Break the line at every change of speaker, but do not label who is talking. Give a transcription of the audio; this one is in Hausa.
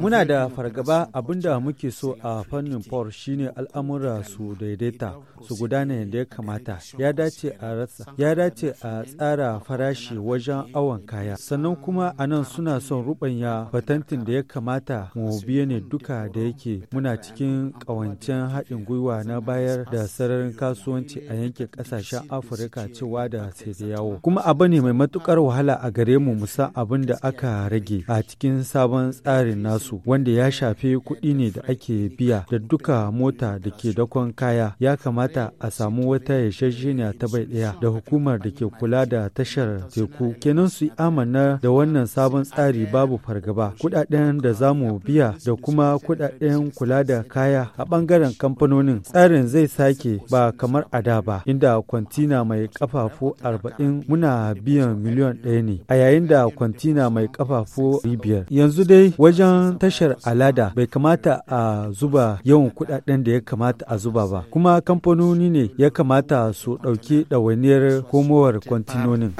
Muna da fargaba abinda muke so a fannin Por shine al'amura su daidaita su gudana yadda ya kamata. Ya dace a tsara farashi wajen awon kaya. Sannan kuma a nan suna son rubanya batantin da ya kamata mu biye ne duka da yake muna cikin ƙawancen haɗin gwiwa na bayar da sararin kasuwanci a yankin ƙasashen Afirka cewa da sai da yawo. Kuma abu ne mai matuƙar wahala a gare mu musa abin da aka rage rage a cikin sabon tsarin nasu wanda ya shafi kuɗi ne da ake biya da duka mota da ke dakon kaya ya kamata a samu wata yarjejeniya ta bai ɗaya da hukumar da ke kula da tashar teku kenan su yi amana da wannan sabon tsari babu fargaba kuɗaɗen da za mu biya da kuma kuɗaɗen kula da kaya a ɓangaren kamfanonin tsarin zai sake ba kamar a da ba inda kwantina mai kafafu arba'in muna biyan miliyan ɗaya ne a yayin da kwantina mai kafafu Libya. yanzu dai wajen tashar alada bai kamata a zuba yawan kudaden da ya kamata a zuba ba kuma kamfanoni ne ya kamata su ɗauki ɗawainiyar komowar kwantinonin